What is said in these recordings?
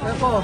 开放。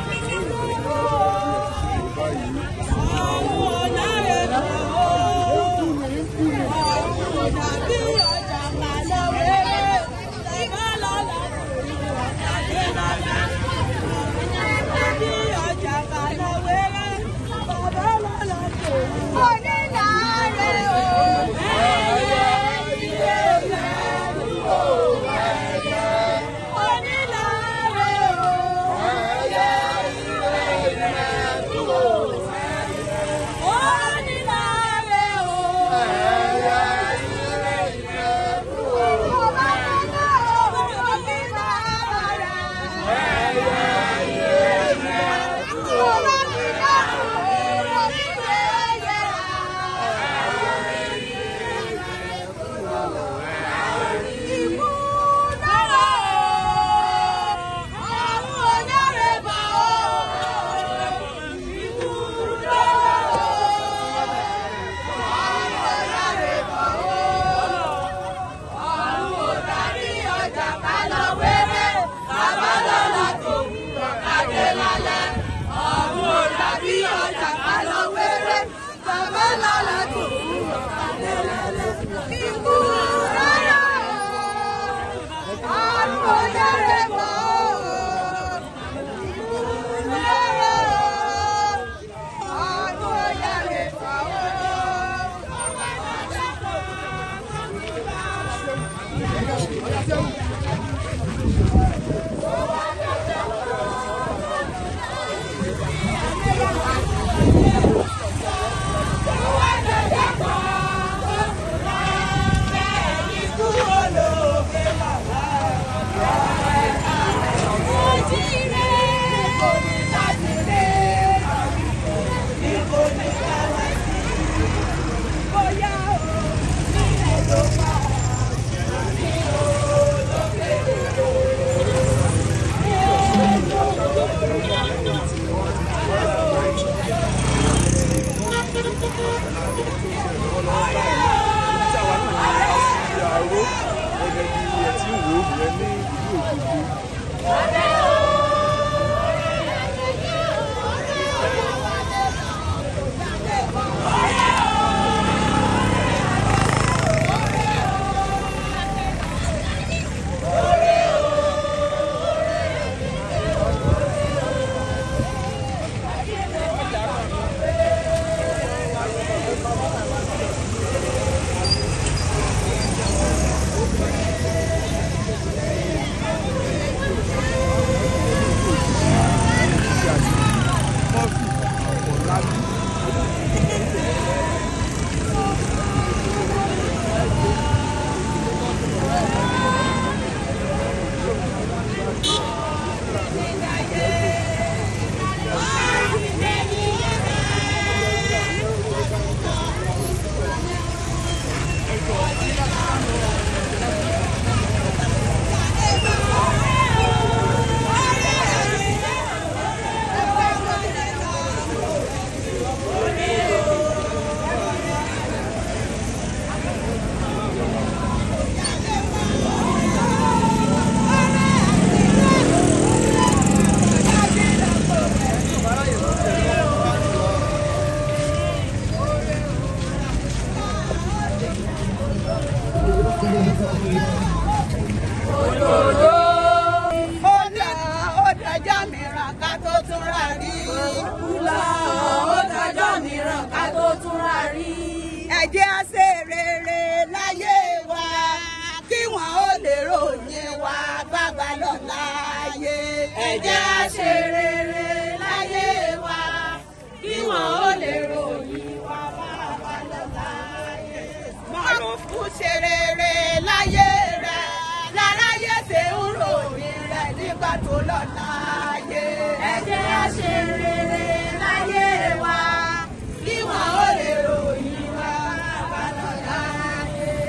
Thank you.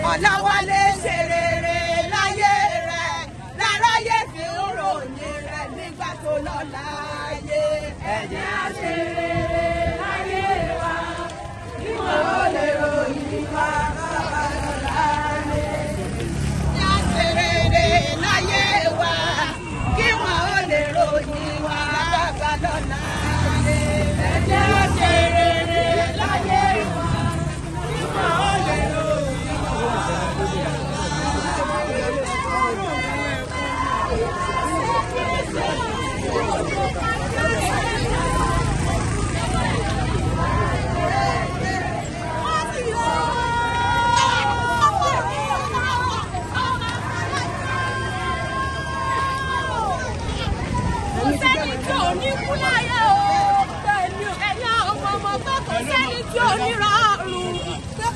Hola, Wales!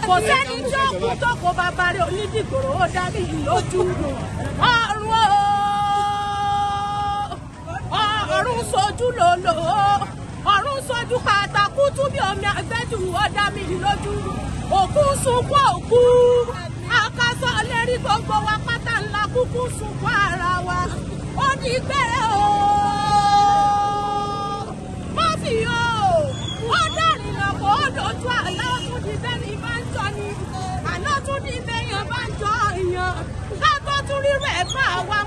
kò sẹ́ni tí ó kú tó kó bàbá rẹ̀ onídìgbòrò ó dárí ìlójú ọ̀run ọ̀run sojú lòlò ọ̀run sojú pàtàkù tún bí omi àgbẹ́jù ó dá mi lójú òkú sunkún òkú akásọ lérí gbogbo wa pátá ńlá kúkú sunkún ara wa ó ní gbére o mọ́fì o ó dẹ̀rìnà kó dojú àlá tún ní bẹ́yàn bá ń jọ èèyàn ká tún rírọ̀ bá wa.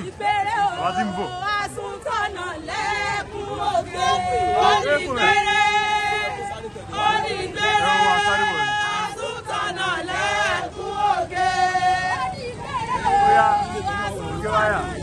ìbéèrè o àsùntọ́nà lẹ́kùn òkè onígbèrè onígbèrè àsùntọ́nà lẹ́kùn òkè onígbèrè àsùntọ́nà lẹ́kùn òkè.